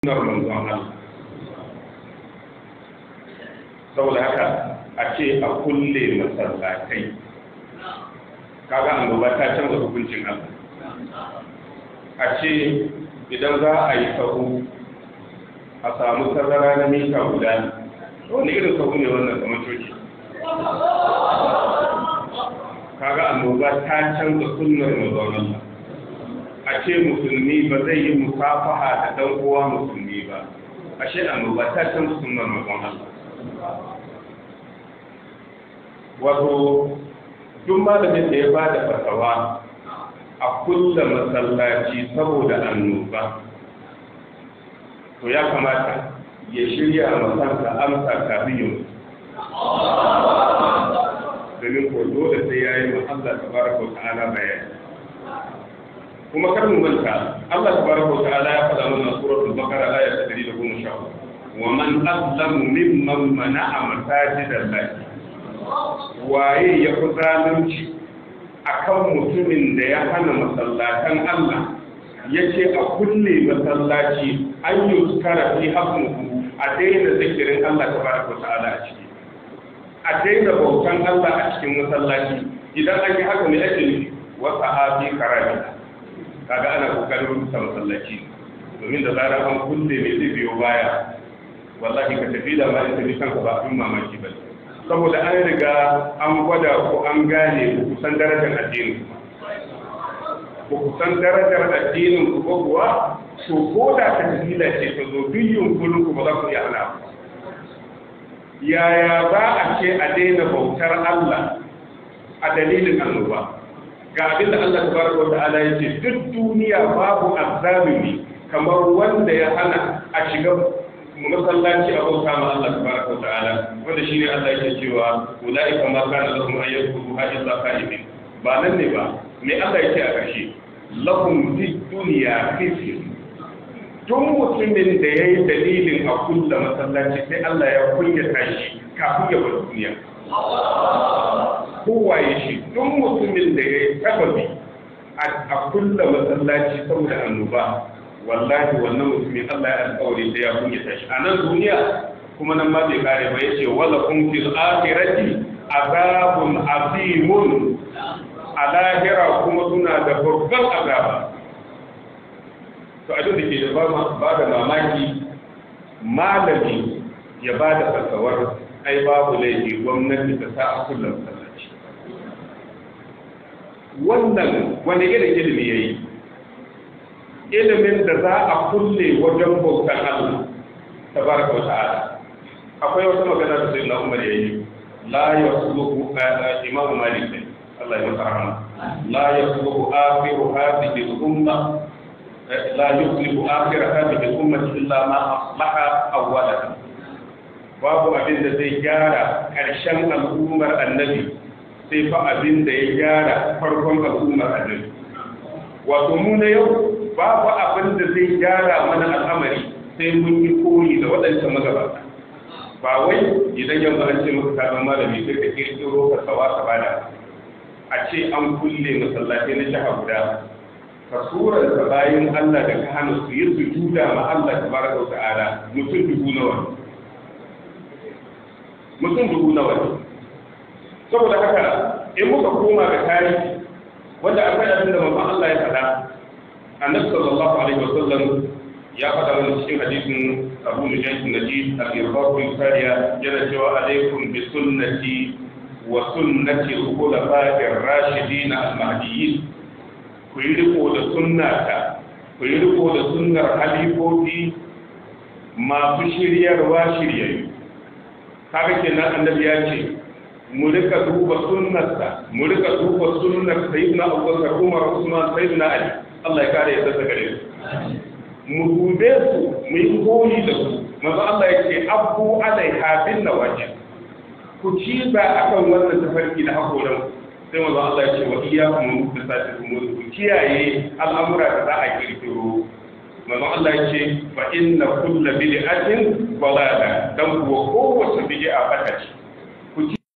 sunnar manzon Allah saboda haka a ce a kulle masallatai kaga annoba ta canza hukuncin Allah a ce idan za a yi sahu a samu tazara na mita guda wani irin sahu ne wannan kamar coci kaga annoba ta canza sunnar manzon Allah a ce musulmi ba zai yi musafaha da dan uwa musulmi ba ashe annoba ta san sunnar Allah wato duk malamin da ya ba da fatawa a kulla masallaci saboda annoba to ya kamata ya shirya a masansa amsa kafin yau domin ko dole sai ya yi Allah tabaraka wa ta'ala bayani kuma kar mu manta Allah tabaraka wa ta'ala ya faɗa mana suratul baqara ayat ta wa man azlamu mimman mana'a masajidallahi waye ya fi zalunci akan mutumin da ya hana masallatan Allah ya ce a kulle masallaci an yi fi hakku a daina zikirin Allah ta wa ta'ala a ciki a daina bautan Allah a cikin masallaci idan an yi haka ne ake nufi wasa hafi kaga ana kokarin rusa masallaci domin da zarar an kulle mai zai biyo baya wallahi ka tafi da mai tafi tafi ka ba kun mamaki ba saboda an riga an gwada ko an gane ku kusan darajar addinin ku kusan darajar addinin ku ko kuwa to ko da ta kabila ce ka zo duk yunkurin ku ba za ku iya hana ku yaya za a ce a daina bautar Allah a dalilin annoba ga abin da Allah tabaraka wa ta'ala yace duk duniya babu azabi kamar wanda ya hana a shiga masallaci a bauta ma Allah tabaraka wa ta'ala wanda shine Allah yake cewa ulaika ma kana lahum ayyuhu hadisa qa'imin ba nan ne ba me Allah yake a karshe lahum fid dunya khizy tun mutumin da ya yi dalilin a kulla masallaci sai Allah ya kunyata shi kafin ya bar duniya kowaye shi don mutumin da ya yi a kulla masallaci saboda annoba wallahi wannan mutumin Allah ya alƙawari da ya kunyata shi a nan duniya kuma nan ma bai kare ba yace wala kun fil akhirati azabun azimun a lahira kuma suna da babban azaba to a duk da ke da ba da mamaki malami ya ba da fasawar ai babu laifi gwamnati ta sa a kullum wannan wani irin ilimi ya yi ilimin da za a kulle wajen bautar Allah ta baraka wa ta'ala akwai wata magana da sai na umar ya yi la yasluhu eh, eh, imamu malik ne Allah ya masa rahama la yasluhu akhiru hadhihi umma eh, la yuslihu akhiru hadhihi umma illa ma aslaha awwalan babu abin da zai gyara ƙarshen al'ummar annabi sai fa abin da ya gyara farkon al'ummar annabi wato mu na yau babu abin da zai gyara mana al'amari sai mun yi koyi da waɗancan magabata ba wai idan yanzu an ce maka tafi malami sai ka kirkiro ka sawa ka bada a ce an kulle masallaci na jiha guda ka suranta bayan Allah da ka hana su yi juda ma Allah ta bar ta'ala mutum dubu nawa mutum dubu nawa saboda haka in muka koma ga tarihi wanda akwai abin da manzon Allah ya faɗa annabi sallallahu alaihi wasallam ya faɗa wani cikin hadisin Abu Nujayd Najib al-Irbaq fariya Sariya yana cewa alaikum bi sunnati wa sunnati al-khulafa'i ar-rashidin al-mahdiyyin ku yi riko da sunnata ku yi riko da sunnar halifofi masu shiryarwa shiryayi kaga kenan annabi ya ce mu rika duba sunnarsa mu rika duba sunnar sayyidina abubakar umar usman sayyidina ali Allah ya kare ya sassa gare su mu dube su mu yi koyi da su manzo Allah ya ce abu alaiha bin nawaji ku ci ba akan wannan tafarki da hakoran sai manzo Allah ya ce wa iyyakum mutasatifu mu kiyaye al'amura da za a kirkiro manzo Allah ya ce fa inna kullu bid'atin dalala dan kuwa kowace bid'a fata ce